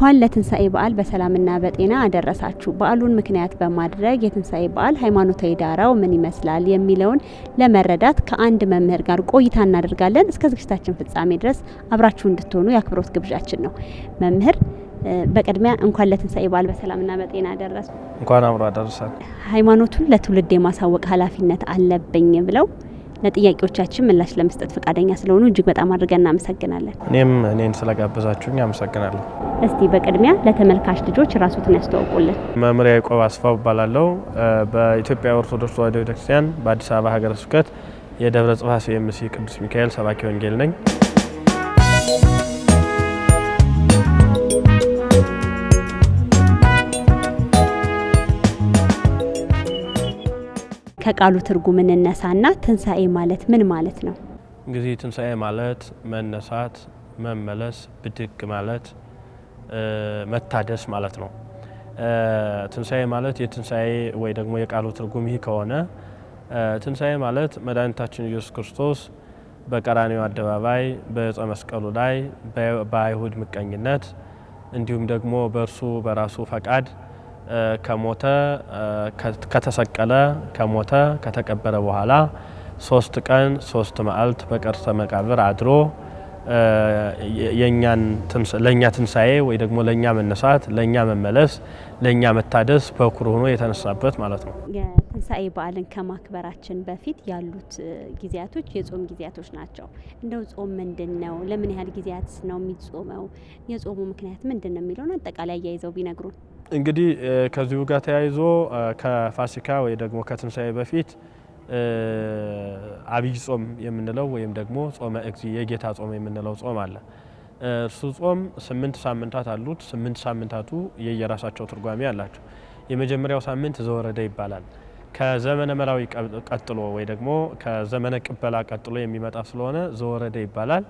እንኳን ለትንሳኤ በዓል በሰላምና በጤና አደረሳችሁ። በዓሉን ምክንያት በማድረግ የትንሳኤ በዓል ሃይማኖታዊ ዳራው ምን ይመስላል የሚለውን ለመረዳት ከአንድ መምህር ጋር ቆይታ እናደርጋለን። እስከ ዝግጅታችን ፍጻሜ ድረስ አብራችሁ እንድትሆኑ የአክብሮት ግብዣችን ነው። መምህር በቅድሚያ እንኳን ለትንሳኤ በዓል በሰላምና በጤና አደረሱ። እንኳን አብሮ አደረሳል። ሃይማኖቱን ለትውልድ የማሳወቅ ኃላፊነት አለብኝ ብለው ለጥያቄዎቻችን ምላሽ ለመስጠት ፈቃደኛ ስለሆኑ እጅግ በጣም አድርገን እናመሰግናለን። እኔም እኔን ስለጋበዛችሁኝ አመሰግናለሁ። እስቲ በቅድሚያ ለተመልካች ልጆች ራሱትን ያስተዋውቁልን። መምሪያ ቆብ አስፋው እባላለሁ። በኢትዮጵያ ኦርቶዶክስ ተዋሕዶ ቤተክርስቲያን በአዲስ አበባ ሀገረ ስብከት የደብረ ጽፋ ሲኤምሲ ቅዱስ ሚካኤል ሰባኪ ወንጌል ነኝ። ከቃሉ ትርጉም እንነሳና ትንሳኤ ማለት ምን ማለት ነው? እንግዲህ ትንሳኤ ማለት መነሳት፣ መመለስ፣ ብድግ ማለት መታደስ ማለት ነው። ትንሳኤ ማለት የትንሳኤ ወይ ደግሞ የቃሉ ትርጉም ይህ ከሆነ ትንሳኤ ማለት መድኃኒታችን ኢየሱስ ክርስቶስ በቀራኒው አደባባይ በእጸ መስቀሉ ላይ በአይሁድ ምቀኝነት እንዲሁም ደግሞ በእርሱ በራሱ ፈቃድ ከሞተ ከተሰቀለ ከሞተ ከተቀበረ በኋላ ሶስት ቀን ሶስት መዓልት በቀርሰ መቃብር አድሮ ለእኛ ትንሣኤ ወይ ደግሞ ለእኛ መነሳት፣ ለእኛ መመለስ፣ ለእኛ መታደስ በኩር ሆኖ የተነሳበት ማለት ነው። የትንሣኤ በዓልን ከማክበራችን በፊት ያሉት ጊዜያቶች የጾም ጊዜያቶች ናቸው። እንደው ጾም ምንድን ነው? ለምን ያህል ጊዜያት ነው የሚጾመው? የጾሙ ምክንያት ምንድን ነው የሚለውን አጠቃላይ አያይዘው ቢነግሩን እንግዲህ ከዚሁ ጋር ተያይዞ ከፋሲካ ወይ ደግሞ ከትንሳኤ በፊት አብይ ጾም የምንለው ወይም ደግሞ ጾመ እግዚ የጌታ ጾም የምንለው ጾም አለ። እርሱ ጾም ስምንት ሳምንታት አሉት። ስምንት ሳምንታቱ የየራሳቸው ትርጓሜ አላቸው። የመጀመሪያው ሳምንት ዘወረደ ይባላል። ከዘመነ መራዊ ቀጥሎ ወይ ደግሞ ከዘመነ ቅበላ ቀጥሎ የሚመጣ ስለሆነ ዘወረደ ይባላል።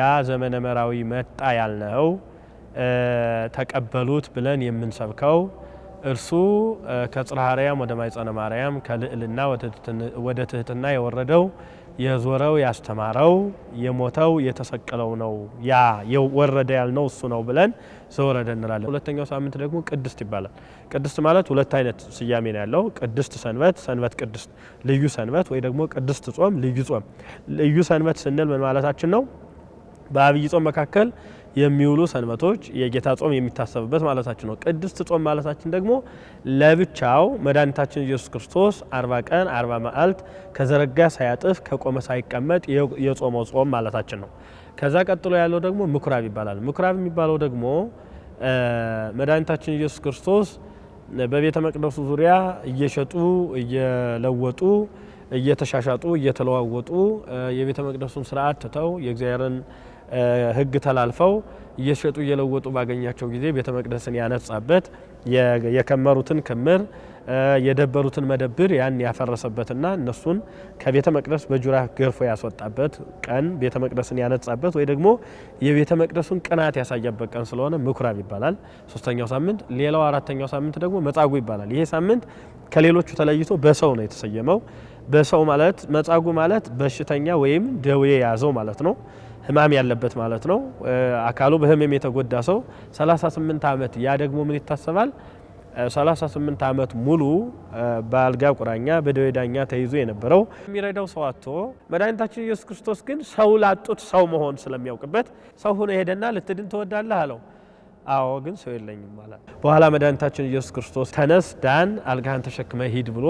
ያ ዘመነ መራዊ መጣ ያልነው ተቀበሉት ብለን የምንሰብከው እርሱ ከጽርሐ አርያም ወደ ማይጸነ ማርያም ከልዕልና ወደ ትህትና የወረደው የዞረው ያስተማረው የሞተው የተሰቀለው ነው። ያ የወረደ ያልነው እሱ ነው ብለን ዘወረደ እንላለን። ሁለተኛው ሳምንት ደግሞ ቅድስት ይባላል። ቅድስት ማለት ሁለት አይነት ስያሜ ነው ያለው። ቅድስት ሰንበት፣ ሰንበት ቅድስት፣ ልዩ ሰንበት ወይ ደግሞ ቅድስት ጾም፣ ልዩ ጾም። ልዩ ሰንበት ስንል ምን ማለታችን ነው? በአብይ ጾም መካከል የሚውሉ ሰንበቶች የጌታ ጾም የሚታሰብበት ማለታችን ነው። ቅድስት ጾም ማለታችን ደግሞ ለብቻው መድኃኒታችን ኢየሱስ ክርስቶስ አርባ ቀን አርባ መዓልት ከዘረጋ ሳያጥፍ ከቆመ ሳይቀመጥ የጾመው ጾም ማለታችን ነው። ከዛ ቀጥሎ ያለው ደግሞ ምኩራብ ይባላል። ምኩራብ የሚባለው ደግሞ መድኃኒታችን ኢየሱስ ክርስቶስ በቤተ መቅደሱ ዙሪያ እየሸጡ እየለወጡ እየተሻሻጡ እየተለዋወጡ የቤተ መቅደሱን ስርዓት ትተው የእግዚአብሔርን ህግ ተላልፈው እየሸጡ እየለወጡ ባገኛቸው ጊዜ ቤተ መቅደስን ያነጻበት የከመሩትን ክምር የደበሩትን መደብር ያን ያፈረሰበትና እነሱን ከቤተ መቅደስ በጁራ ገርፎ ያስወጣበት ቀን ቤተ መቅደስን ያነጻበት ወይ ደግሞ የቤተ መቅደሱን ቅናት ያሳየበት ቀን ስለሆነ ምኩራብ ይባላል። ሶስተኛው ሳምንት። ሌላው አራተኛው ሳምንት ደግሞ መጻጉ ይባላል። ይሄ ሳምንት ከሌሎቹ ተለይቶ በሰው ነው የተሰየመው። በሰው ማለት መጻጉ ማለት በሽተኛ ወይም ደዌ የያዘው ማለት ነው። ህማም ያለበት ማለት ነው። አካሉ በህመም የተጎዳ ሰው 38 ዓመት ያ ደግሞ ምን ይታሰባል? 38 ዓመት ሙሉ በአልጋ ቁራኛ በደዌ ዳኛ ተይዞ የነበረው የሚረዳው ሰው አጥቶ መድኃኒታችን ኢየሱስ ክርስቶስ ግን ሰው ላጡት ሰው መሆን ስለሚያውቅበት ሰው ሆኖ ሄደና ልትድን ትወዳለህ አለው። አዎ ግን ሰው የለኝም ማለት በኋላ መድኃኒታችን ኢየሱስ ክርስቶስ ተነስ፣ ዳን፣ አልጋህን ተሸክመ ሂድ ብሎ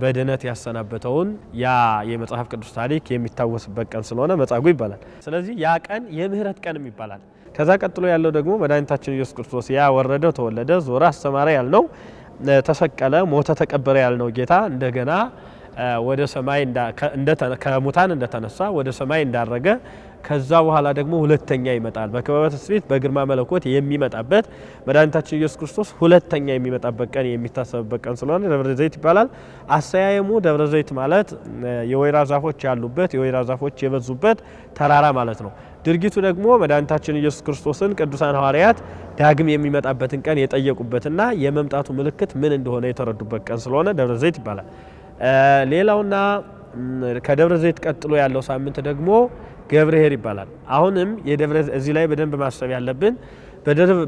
በድህነት ያሰናበተውን ያ የመጽሐፍ ቅዱስ ታሪክ የሚታወስበት ቀን ስለሆነ መጻጉ ይባላል። ስለዚህ ያ ቀን የምህረት ቀንም ይባላል። ከዛ ቀጥሎ ያለው ደግሞ መድኃኒታችን ኢየሱስ ክርስቶስ ያ ወረደ፣ ተወለደ፣ ዞረ፣ አስተማረ ያልነው ተሰቀለ፣ ሞተ፣ ተቀበረ ያልነው ጌታ እንደገና ወደ ሰማይ ከሙታን እንደተነሳ ወደ ሰማይ እንዳረገ ከዛ በኋላ ደግሞ ሁለተኛ ይመጣል። በክበበት ስፊት በግርማ መለኮት የሚመጣበት መድኃኒታችን ኢየሱስ ክርስቶስ ሁለተኛ የሚመጣበት ቀን የሚታሰብበት ቀን ስለሆነ ደብረ ዘይት ይባላል። አሰያየሙ ደብረ ዘይት ማለት የወይራ ዛፎች ያሉበት የወይራ ዛፎች የበዙበት ተራራ ማለት ነው። ድርጊቱ ደግሞ መድኃኒታችን ኢየሱስ ክርስቶስን ቅዱሳን ሐዋርያት ዳግም የሚመጣበትን ቀን የጠየቁበትና የመምጣቱ ምልክት ምን እንደሆነ የተረዱበት ቀን ስለሆነ ደብረ ዘይት ይባላል። ሌላውና ከደብረ ዘይት ቀጥሎ ያለው ሳምንት ደግሞ ገብርሄር ይባላል። አሁንም እዚህ ላይ በደንብ ማሰብ ያለብን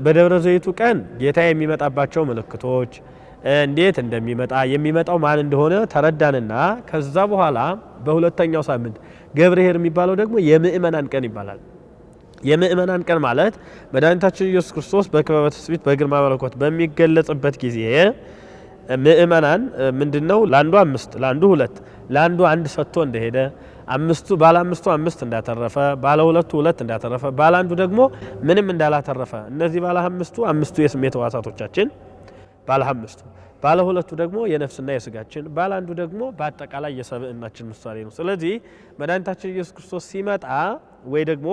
በደብረ ዘይቱ ቀን ጌታ የሚመጣባቸው ምልክቶች እንዴት እንደሚመጣ የሚመጣው ማን እንደሆነ ተረዳንና ከዛ በኋላ በሁለተኛው ሳምንት ገብርሄር የሚባለው ደግሞ የምእመናን ቀን ይባላል። የምእመናን ቀን ማለት መድኃኒታችን ኢየሱስ ክርስቶስ በክበበ ትስብእት በግርማ መለኮት በሚገለጽበት ጊዜ ምእመናን ምንድነው ለአንዱ አምስት ለአንዱ ሁለት ለአንዱ አንድ ሰጥቶ እንደሄደ አምስቱ ባለ አምስቱ አምስት እንዳተረፈ ባለ ሁለቱ ሁለት እንዳተረፈ ባለ አንዱ ደግሞ ምንም እንዳላተረፈ እነዚህ ባለ አምስቱ አምስቱ የስሜት ህዋሳቶቻችን ባለ አምስቱ ባለ ሁለቱ ደግሞ የነፍስና የስጋችን ባለ አንዱ ደግሞ በአጠቃላይ የሰብእናችን ምሳሌ ነው። ስለዚህ መድኃኒታችን ኢየሱስ ክርስቶስ ሲመጣ ወይ ደግሞ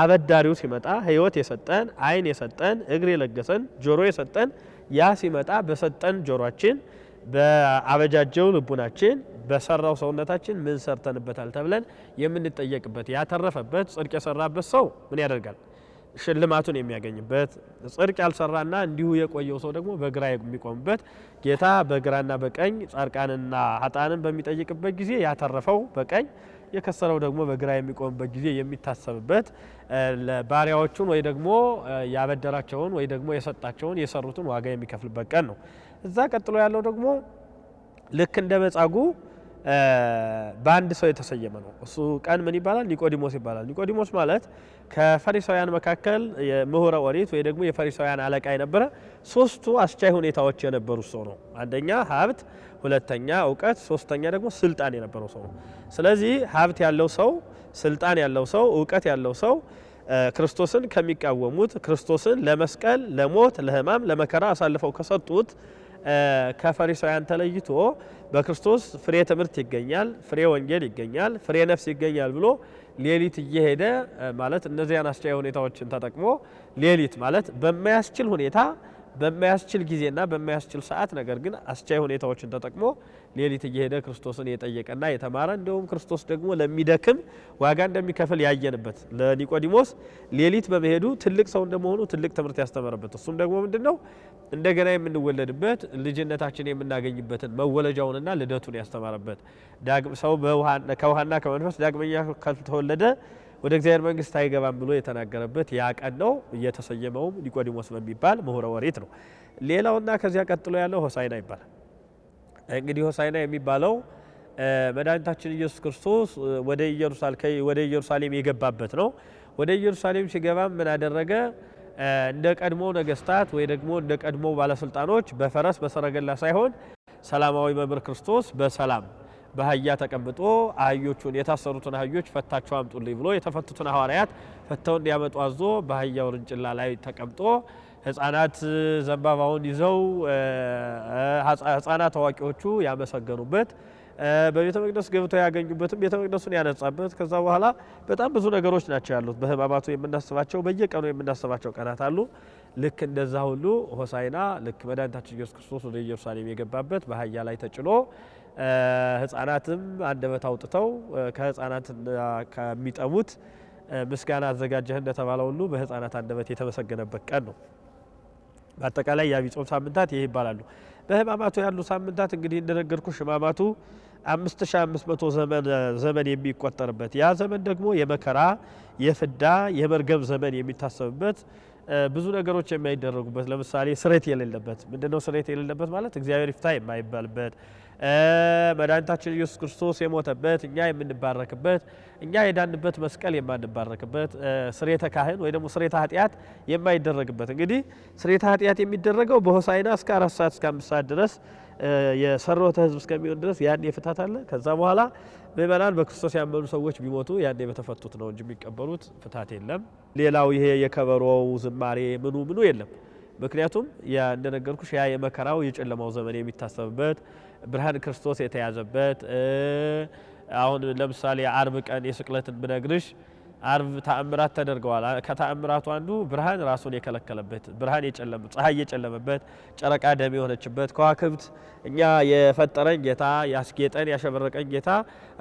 አበዳሪው ሲመጣ ህይወት የሰጠን አይን የሰጠን እግር የለገሰን ጆሮ የሰጠን ያ ሲመጣ በሰጠን ጆሮአችን በአበጃጀው ልቡናችን በሰራው ሰውነታችን ምን ሰርተንበታል ተብለን የምንጠየቅበት ያተረፈበት ጽድቅ የሰራበት ሰው ምን ያደርጋል? ሽልማቱን የሚያገኝበት ጽድቅ ያልሰራና እንዲሁ የቆየው ሰው ደግሞ በግራ የሚቆምበት ጌታ በግራና በቀኝ ጻድቃንና ሀጣንን በሚጠይቅበት ጊዜ ያተረፈው በቀኝ የከሰረው ደግሞ በግራ የሚቆምበት ጊዜ የሚታሰብበት ባሪያዎቹን ወይ ደግሞ ያበደራቸውን ወይ ደግሞ የሰጣቸውን የሰሩትን ዋጋ የሚከፍልበት ቀን ነው። እዛ ቀጥሎ ያለው ደግሞ ልክ እንደ መጻጉዕ በአንድ ሰው የተሰየመ ነው። እሱ ቀን ምን ይባላል? ኒቆዲሞስ ይባላል። ኒቆዲሞስ ማለት ከፈሪሳውያን መካከል የምሁረ ኦሪት ወይ ደግሞ የፈሪሳውያን አለቃ የነበረ ሶስቱ አስቻይ ሁኔታዎች የነበሩት ሰው ነው። አንደኛ ሀብት፣ ሁለተኛ እውቀት፣ ሶስተኛ ደግሞ ስልጣን የነበረው ሰው ነው። ስለዚህ ሀብት ያለው ሰው፣ ስልጣን ያለው ሰው፣ እውቀት ያለው ሰው ክርስቶስን ከሚቃወሙት ክርስቶስን ለመስቀል፣ ለሞት፣ ለህማም ለመከራ አሳልፈው ከሰጡት ከፈሪሳውያን ተለይቶ በክርስቶስ ፍሬ ትምህርት ይገኛል፣ ፍሬ ወንጌል ይገኛል፣ ፍሬ ነፍስ ይገኛል ብሎ ሌሊት እየሄደ ማለት እነዚያን አስቻይ ሁኔታዎችን ተጠቅሞ ሌሊት ማለት በማያስችል ሁኔታ በማያስችል ጊዜና በማያስችል ሰዓት ነገር ግን አስቻይ ሁኔታዎችን ተጠቅሞ ሌሊት እየሄደ ክርስቶስን የጠየቀና የተማረ እንዲሁም ክርስቶስ ደግሞ ለሚደክም ዋጋ እንደሚከፍል ያየንበት ለኒቆዲሞስ ሌሊት በመሄዱ ትልቅ ሰው እንደመሆኑ ትልቅ ትምህርት ያስተመረበት እሱም ደግሞ ምንድን ነው እንደገና የምንወለድበት ልጅነታችን የምናገኝበትን መወለጃውንና ልደቱን ያስተማረበት ሰው ከውሃና ከመንፈስ ዳግመኛ ካልተወለደ ወደ እግዚአብሔር መንግስት አይገባም ብሎ የተናገረበት ያ ቀን ነው። እየተሰየመውም ኒቆዲሞስ በሚባል ምሁረ ወሬት ነው። ሌላውና ከዚያ ቀጥሎ ያለው ሆሳይና ይባላል። እንግዲህ ሆሳይና የሚባለው መድኃኒታችን ኢየሱስ ክርስቶስ ወደ ኢየሩሳሌም የገባበት ነው። ወደ ኢየሩሳሌም ሲገባም ምን አደረገ? እንደ ቀድሞ ነገስታት ወይ ደግሞ እንደ ቀድሞ ባለስልጣኖች በፈረስ በሰረገላ ሳይሆን ሰላማዊ መምህር ክርስቶስ በሰላም በአህያ ተቀምጦ አህዮቹን የታሰሩትን አህዮች ፈታቸው አምጡልኝ ብሎ የተፈቱትን ሐዋርያት ፈተው እንዲያመጡ አዞ በአህያው ርንጭላ ላይ ተቀምጦ ህጻናት ዘንባባውን ይዘው ህጻናት አዋቂዎቹ ያመሰገኑበት በቤተ መቅደስ ገብተው ያገኙበትም ቤተ መቅደሱን ያነጻበት። ከዛ በኋላ በጣም ብዙ ነገሮች ናቸው ያሉት። በህማማቱ የምናስባቸው በየቀኑ የምናስባቸው ቀናት አሉ። ልክ እንደዛ ሁሉ ሆሳይና ልክ መድኃኒታችን ኢየሱስ ክርስቶስ ወደ ኢየሩሳሌም የገባበት በአህያ ላይ ተጭኖ ህጻናትም አንደበት አውጥተው ከህጻናት ከሚጠሙት ምስጋና አዘጋጀህ እንደተባለ ሁሉ በህጻናት አንደበት የተመሰገነበት ቀን ነው። በአጠቃላይ የአብይ ጾም ሳምንታት ይህ ይባላሉ። በህማማቱ ያሉ ሳምንታት እንግዲህ እንደነገርኩሽ ህማማቱ 5500 ዘመን የሚቆጠርበት ያ ዘመን ደግሞ የመከራ የፍዳ የመርገም ዘመን የሚታሰብበት ብዙ ነገሮች የማይደረጉበት ለምሳሌ ስሬት የሌለበት ምንድነው? ስሬት የሌለበት ማለት እግዚአብሔር ይፍታ የማይባልበት መድኃኒታችን ኢየሱስ ክርስቶስ የሞተበት እኛ የምንባረክበት እኛ የዳንበት መስቀል የማንባረክበት ስሬተ ካህን ወይ ደግሞ ስሬተ ኃጢአት የማይደረግበት እንግዲህ ስሬተ ኃጢአት የሚደረገው በሆሳይና እስከ አራት ሰዓት እስከ አምስት ሰዓት ድረስ የሰሮተ ህዝብ እስከሚሆን ድረስ ያን የፍታት አለ። ከዛ በኋላ ምእመናን በክርስቶስ ያመኑ ሰዎች ቢሞቱ ያን በተፈቱት ነው እንጂ የሚቀበሉት ፍታት የለም። ሌላው ይሄ የከበሮው ዝማሬ ምኑ ምኑ የለም። ምክንያቱም እንደነገርኩሽ ያ የመከራው የጨለማው ዘመን የሚታሰብበት ብርሃን ክርስቶስ የተያዘበት አሁን ለምሳሌ አርብ ቀን የስቅለትን ብነግርሽ አርብ ተአምራት ተደርገዋል። ከተአምራቱ አንዱ ብርሃን ራሱን የከለከለበት ብርሃን የጨለመበት ፀሐይ የጨለመበት ጨረቃ ደም የሆነችበት ከዋክብት እኛ የፈጠረን ጌታ ያስጌጠን ያሸበረቀን ጌታ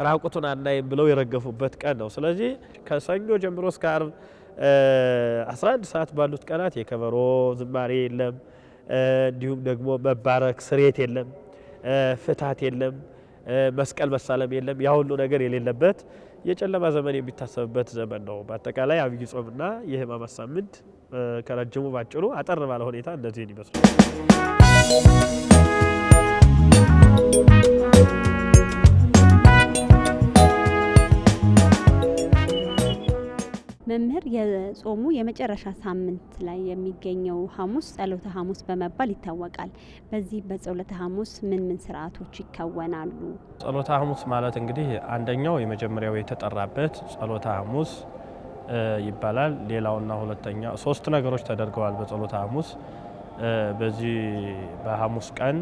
ራቁቱን አናይም ብለው የረገፉበት ቀን ነው። ስለዚህ ከሰኞ ጀምሮ እስከ አርብ 11 ሰዓት ባሉት ቀናት የከበሮ ዝማሬ የለም፣ እንዲሁም ደግሞ መባረክ ስሬት የለም። ፍትሀት የለም፣ መስቀል መሳለም የለም። ያ ሁሉ ነገር የሌለበት የጨለማ ዘመን የሚታሰብበት ዘመን ነው። በአጠቃላይ አብይ ጾምና የሕማማት ሳምንት ከረጅሙ ባጭሩ አጠር ባለ ሁኔታ እነዚህን ይመስላል። መምህር የጾሙ የመጨረሻ ሳምንት ላይ የሚገኘው ሐሙስ ጸሎተ ሐሙስ በመባል ይታወቃል። በዚህ በጸሎተ ሐሙስ ምን ምን ስርዓቶች ይከወናሉ? ጸሎተ ሐሙስ ማለት እንግዲህ አንደኛው የመጀመሪያው የተጠራበት ጸሎተ ሐሙስ ይባላል። ሌላውና ሁለተኛ ሶስት ነገሮች ተደርገዋል በጸሎተ ሐሙስ በዚህ በሐሙስ ቀን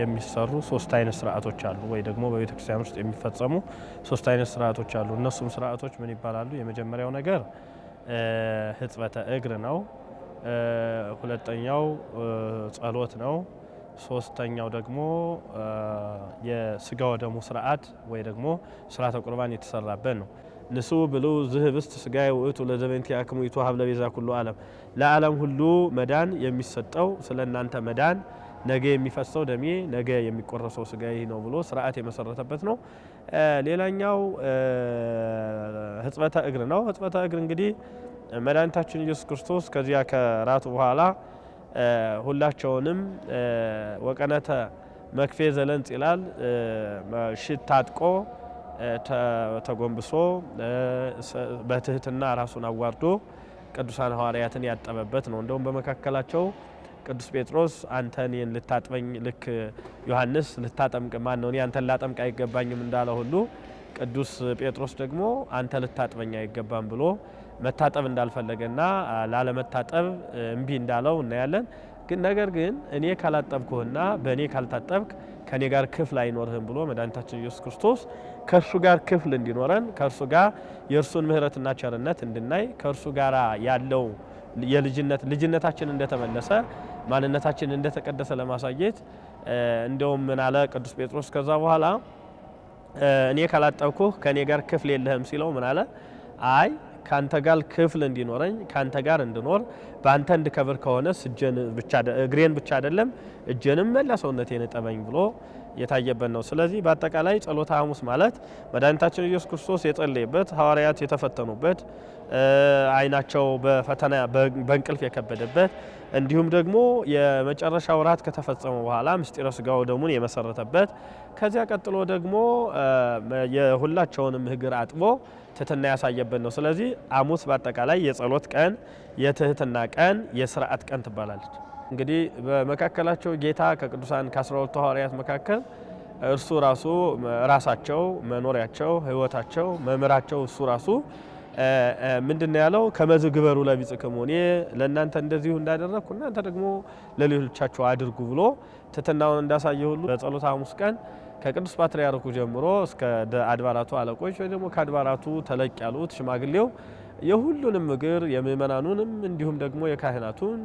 የሚሰሩ ሶስት አይነት ስርዓቶች አሉ፣ ወይ ደግሞ በቤተክርስቲያን ውስጥ የሚፈጸሙ ሶስት አይነት ስርዓቶች አሉ። እነሱም ስርዓቶች ምን ይባላሉ? የመጀመሪያው ነገር ሕጽበተ እግር ነው። ሁለተኛው ጸሎት ነው። ሶስተኛው ደግሞ የስጋ ወደሙ ስርዓት ወይ ደግሞ ስርዓተ ቁርባን የተሰራበት ነው። ንስኡ ብልኡ ዝህብስት ስጋዬ ውእቱ ለዘበንቲ ያክሙ ይትወሃብ ለቤዛ ኩሉ ዓለም ለዓለም ሁሉ መዳን የሚሰጠው ስለ እናንተ መዳን ነገ የሚፈሰው ደሜ ነገ የሚቆረሰው ስጋዬ ነው ብሎ ስርዓት የመሰረተበት ነው። ሌላኛው ሕጽበተ እግር ነው። ሕጽበተ እግር እንግዲህ መድኃኒታችን ኢየሱስ ክርስቶስ ከዚያ ከራቱ በኋላ ሁላቸውንም ወቀነተ መክፌ ዘለንጽ ይላል ሽት ታጥቆ ተጎንብሶ በትህትና ራሱን አዋርዶ ቅዱሳን ሐዋርያትን ያጠበበት ነው። እንደውም በመካከላቸው ቅዱስ ጴጥሮስ አንተ እኔን ልታጥበኝ ልክ ዮሐንስ ልታጠምቅ ማን ነው እኔ አንተን ላጠምቅ አይገባኝም እንዳለ ሁሉ ቅዱስ ጴጥሮስ ደግሞ አንተ ልታጥበኝ አይገባም ብሎ መታጠብ እንዳልፈለገና ላለመታጠብ እምቢ እንዳለው እናያለን። ግን ነገር ግን እኔ ካላጠብኩህና በእኔ ካልታጠብክ ከእኔ ጋር ክፍል አይኖርህም ብሎ መድኃኒታችን ኢየሱስ ክርስቶስ ከእርሱ ጋር ክፍል እንዲኖረን ከእርሱ ጋር የእርሱን ምሕረትና ቸርነት እንድናይ ከእርሱ ጋር ያለው የልጅነት ልጅነታችን እንደተመለሰ ማንነታችን እንደተቀደሰ ለማሳየት እንደውም ምን አለ ቅዱስ ጴጥሮስ ከዛ በኋላ እኔ ካላጠብኩህ ከእኔ ጋር ክፍል የለህም ሲለው ምን አለ አይ ከአንተ ጋር ክፍል እንዲኖረኝ ከአንተ ጋር እንድኖር በአንተ እንድከብር ከሆነስ እግሬን ብቻ አይደለም እጄንም መላ ሰውነቴን እጠበኝ ብሎ የታየበት ነው። ስለዚህ በአጠቃላይ ጸሎተ ሐሙስ ማለት መድኃኒታችን ኢየሱስ ክርስቶስ የጸለየበት ሐዋርያት የተፈተኑበት አይናቸው በፈተና በእንቅልፍ የከበደበት እንዲሁም ደግሞ የመጨረሻ እራት ከተፈጸመ በኋላ ምስጢረ ስጋው ደሙን የመሰረተበት ከዚያ ቀጥሎ ደግሞ የሁላቸውንም እግር አጥቦ ትህትና ያሳየበት ነው። ስለዚህ ሐሙስ በአጠቃላይ የጸሎት ቀን፣ የትህትና ቀን፣ የስርዓት ቀን ትባላለች። እንግዲህ በመካከላቸው ጌታ ከቅዱሳን ከአስራ ሁለቱ ሐዋርያት መካከል እርሱ ራሱ ራሳቸው መኖሪያቸው፣ ህይወታቸው መምህራቸው እሱ ራሱ ምንድነው ያለው? ከመዝ ግበሩ ለቢጽክሙ፣ እኔ ለእናንተ እንደዚሁ እንዳደረግኩ እናንተ ደግሞ ለሌሎቻቸው አድርጉ ብሎ ትትናውን እንዳሳየ ሁሉ በጸሎተ ሐሙስ ቀን ከቅዱስ ፓትርያርኩ ጀምሮ እስከ አድባራቱ አለቆች ወይ ደግሞ ከአድባራቱ ተለቅ ያሉት ሽማግሌው የሁሉንም እግር የምእመናኑንም እንዲሁም ደግሞ የካህናቱን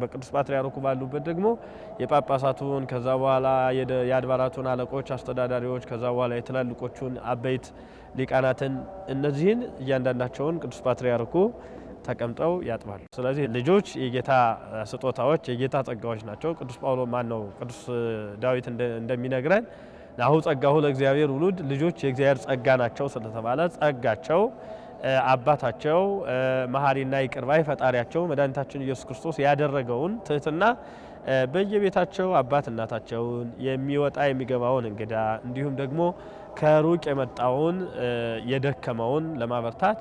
በቅዱስ ፓትርያርኩ ባሉበት ደግሞ የጳጳሳቱን ከዛ በኋላ የአድባራቱን አለቆች አስተዳዳሪዎች ከዛ በኋላ የትላልቆቹን አበይት ሊቃናትን እነዚህን እያንዳንዳቸውን ቅዱስ ፓትርያርኩ ተቀምጠው ያጥባሉ። ስለዚህ ልጆች የጌታ ስጦታዎች የጌታ ጸጋዎች ናቸው። ቅዱስ ጳውሎ ማን ነው ቅዱስ ዳዊት እንደሚነግረን ናሁ ጸጋሁ ለእግዚአብሔር ውሉድ ልጆች የእግዚአብሔር ጸጋ ናቸው ስለተባለ ጸጋቸው አባታቸው መሐሪና ይቅር ፈጣሪያቸው መድኃኒታችን ኢየሱስ ክርስቶስ ያደረገውን ትህትና በየቤታቸው አባት እናታቸውን የሚወጣ የሚገባውን እንግዳ እንዲሁም ደግሞ ከሩቅ የመጣውን የደከመውን ለማበርታት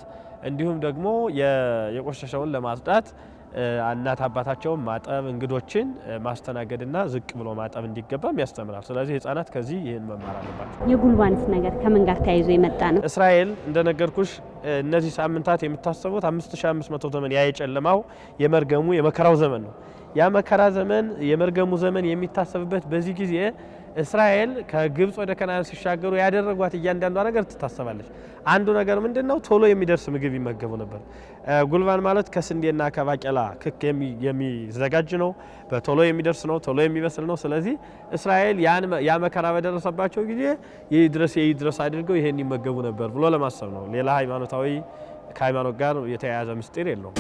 እንዲሁም ደግሞ የቆሸሸውን ለማጽዳት እናት አባታቸውን ማጠብ እንግዶችን ማስተናገድና ዝቅ ብሎ ማጠብ እንዲገባም ያስተምራል። ስለዚህ ህጻናት ከዚህ ይህን መማር አለባቸው። የጉልባንስ ነገር ከምን ጋር ተያይዞ የመጣ ነው? እስራኤል እንደነገርኩሽ እነዚህ ሳምንታት የምታሰቡት 5500 ዘመን ያ የጨለማው የመርገሙ የመከራው ዘመን ነው። ያ መከራ ዘመን የመርገሙ ዘመን የሚታሰብበት በዚህ ጊዜ እስራኤል ከግብፅ ወደ ከነዓን ሲሻገሩ ያደረጓት እያንዳንዷ ነገር ትታሰባለች። አንዱ ነገር ምንድን ነው? ቶሎ የሚደርስ ምግብ ይመገቡ ነበር። ጉልባን ማለት ከስንዴና ከባቄላ ክክ የሚዘጋጅ ነው። በቶሎ የሚደርስ ነው፣ ቶሎ የሚበስል ነው። ስለዚህ እስራኤል ያ መከራ በደረሰባቸው ጊዜ የይድረስ የይድረስ አድርገው ይሄን ይመገቡ ነበር ብሎ ለማሰብ ነው። ሌላ ሃይማኖታዊ ከሃይማኖት ጋር የተያያዘ ምስጢር የለውም።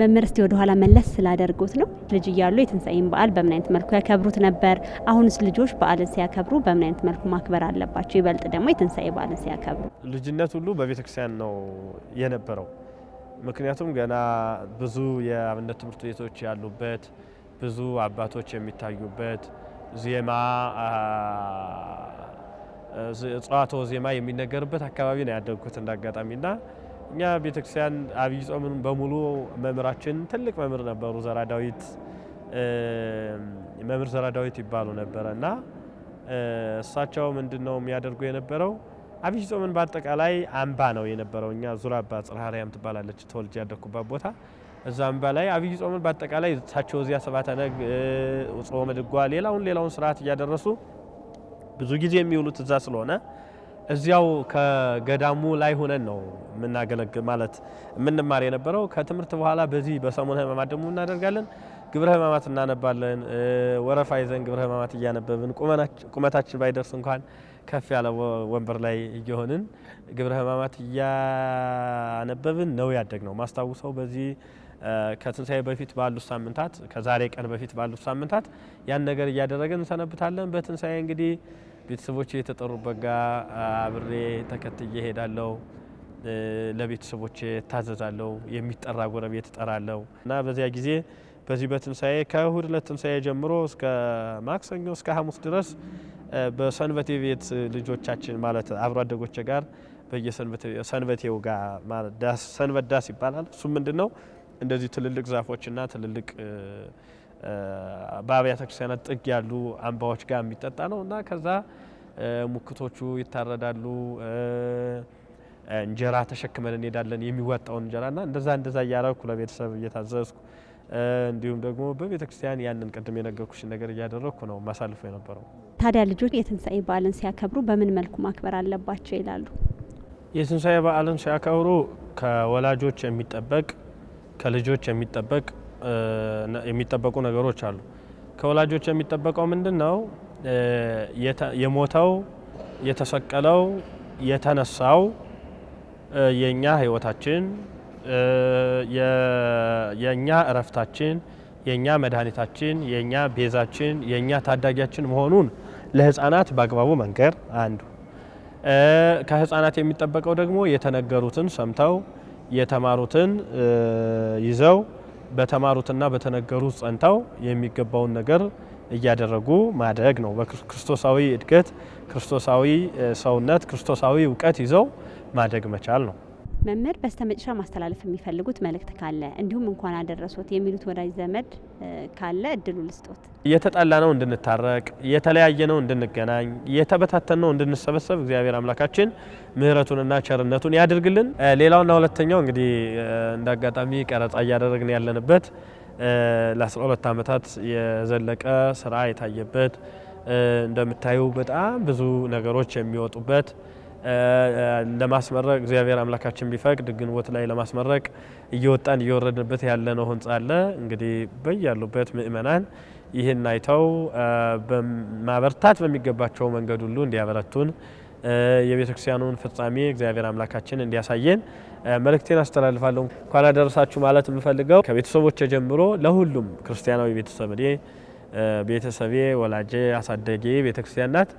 መምህር እስቲ ወደኋላ መለስ ስላደርጉት ነው ልጅ እያሉ የትንሳኤን በዓል በምን አይነት መልኩ ያከብሩት ነበር? አሁንስ ልጆች በዓልን ሲያከብሩ በምን አይነት መልኩ ማክበር አለባቸው? ይበልጥ ደግሞ የትንሳኤ በዓልን ሲያከብሩ። ልጅነት ሁሉ በቤተክርስቲያን ነው የነበረው። ምክንያቱም ገና ብዙ የአብነት ትምህርት ቤቶች ያሉበት ብዙ አባቶች የሚታዩበት ዜማ እጽዋቶ ዜማ የሚነገርበት አካባቢ ነው ያደግኩት እንዳጋጣሚና እኛ ቤተክርስቲያን አብይ ጾምን በሙሉ መምህራችን ትልቅ መምህር ነበሩ። ዘራ ዳዊት መምህር ዘራ ዳዊት ይባሉ ነበረ እና እሳቸው ምንድን ነው የሚያደርጉ የነበረው አብይ ጾምን በአጠቃላይ አምባ ነው የነበረው። እኛ ዙር አባ ጽርሐ ትባላለች ተወልጅ ያደግኩባት ቦታ እዛ አምባ ላይ አብይ ጾምን በአጠቃላይ እሳቸው እዚያ ሰባተ ነግ ጾመ ድጓ፣ ሌላውን ሌላውን ስርዓት እያደረሱ ብዙ ጊዜ የሚውሉት እዛ ስለሆነ እዚያው ከገዳሙ ላይ ሆነን ነው የምናገለግል ማለት የምንማር የነበረው። ከትምህርት በኋላ በዚህ በሰሙነ ሕማማት ደግሞ እናደርጋለን፣ ግብረ ሕማማት እናነባለን። ወረፋ ይዘን ግብረ ሕማማት እያነበብን ቁመታችን ባይደርስ እንኳን ከፍ ያለ ወንበር ላይ እየሆንን ግብረ ሕማማት እያነበብን ነው ያደግ ነው ማስታውሰው በዚህ ከትንሳኤ በፊት ባሉት ሳምንታት ከዛሬ ቀን በፊት ባሉት ሳምንታት ያን ነገር እያደረግን እንሰነብታለን። በትንሳኤ እንግዲህ ቤተሰቦች የተጠሩበት ጋ አብሬ ተከትዬ ሄዳለው። ለቤተሰቦች ታዘዛለሁ የሚጠራ ጎረቤት እጠራለው እና በዚያ ጊዜ በዚህ በትንሳኤ ከእሁድ ዕለት ትንሳኤ ጀምሮ እስከ ማክሰኞ እስከ ሐሙስ ድረስ በሰንበቴ ቤት ልጆቻችን ማለት አብሮ አደጎች ጋር በየሰንበቴው ጋር ሰንበት ዳስ ይባላል። እሱ ምንድን ነው እንደዚህ ትልልቅ ዛፎችና ትልልቅ በአብያተ ክርስቲያናት ጥግ ያሉ አምባዎች ጋር የሚጠጣ ነው እና ከዛ ሙክቶቹ ይታረዳሉ። እንጀራ ተሸክመን እንሄዳለን፣ የሚዋጣውን እንጀራ እና እንደዛ እንደዛ እያረኩ ለቤተሰብ እየታዘዝኩ እንዲሁም ደግሞ በቤተ ክርስቲያን ያንን ቅድም የነገርኩሽን ነገር እያደረግኩ ነው ማሳልፎ የነበረው። ታዲያ ልጆች የትንሳኤ በዓልን ሲያከብሩ በምን መልኩ ማክበር አለባቸው ይላሉ? የትንሳኤ በዓልን ሲያከብሩ ከወላጆች የሚጠበቅ ከልጆች የሚጠበቅ የሚጠበቁ ነገሮች አሉ። ከወላጆች የሚጠበቀው ምንድን ነው? የሞተው የተሰቀለው የተነሳው የእኛ ህይወታችን የእኛ እረፍታችን የእኛ መድኃኒታችን የእኛ ቤዛችን የእኛ ታዳጊያችን መሆኑን ለህፃናት በአግባቡ መንገር አንዱ። ከህፃናት የሚጠበቀው ደግሞ የተነገሩትን ሰምተው የተማሩትን ይዘው በተማሩትና በተነገሩት ጸንተው የሚገባውን ነገር እያደረጉ ማደግ ነው። በክርስቶሳዊ እድገት፣ ክርስቶሳዊ ሰውነት፣ ክርስቶሳዊ እውቀት ይዘው ማደግ መቻል ነው። መምህር በስተመጨረሻ ማስተላለፍ የሚፈልጉት መልእክት ካለ እንዲሁም እንኳን አደረሶት የሚሉት ወዳጅ ዘመድ ካለ እድሉ ልስጦት። የተጣላ ነው እንድንታረቅ፣ የተለያየ ነው እንድንገናኝ፣ የተበታተን ነው እንድንሰበሰብ እግዚአብሔር አምላካችን ምሕረቱንና ቸርነቱን ያድርግልን። ሌላውና ሁለተኛው እንግዲህ እንደ አጋጣሚ ቀረጻ እያደረግን ያለንበት ለ12 ዓመታት የዘለቀ ስራ የታየበት እንደምታዩ በጣም ብዙ ነገሮች የሚወጡበት ለማስመረቅ እግዚአብሔር አምላካችን ቢፈቅድ ግንቦት ላይ ለማስመረቅ እየወጣን እየወረድንበት ያለነው ህንፃ አለ። እንግዲህ በያሉበት ምእመናን ይህን አይተው በማበርታት በሚገባቸው መንገድ ሁሉ እንዲያበረቱን የቤተ ክርስቲያኑን ፍጻሜ እግዚአብሔር አምላካችን እንዲያሳየን መልእክቴን አስተላልፋለሁ። እንኳን አደረሳችሁ ማለት የምፈልገው ከቤተሰቦች ጀምሮ ለሁሉም ክርስቲያናዊ ቤተሰብ ቤተሰቤ፣ ወላጄ፣ አሳደጌ ቤተ ክርስቲያን ናት።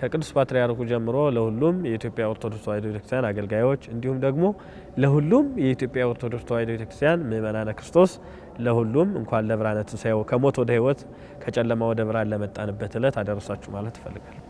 ከቅዱስ ፓትርያርኩ ጀምሮ ለሁሉም የኢትዮጵያ ኦርቶዶክስ ተዋሕዶ ቤተክርስቲያን አገልጋዮች እንዲሁም ደግሞ ለሁሉም የኢትዮጵያ ኦርቶዶክስ ተዋሕዶ ቤተክርስቲያን ምእመናነ ክርስቶስ ለሁሉም እንኳን ለብርሃነ ትንሣኤው ከሞት ወደ ሕይወት ከጨለማ ወደ ብርሃን ለመጣንበት ዕለት አደረሳችሁ ማለት እፈልጋለሁ።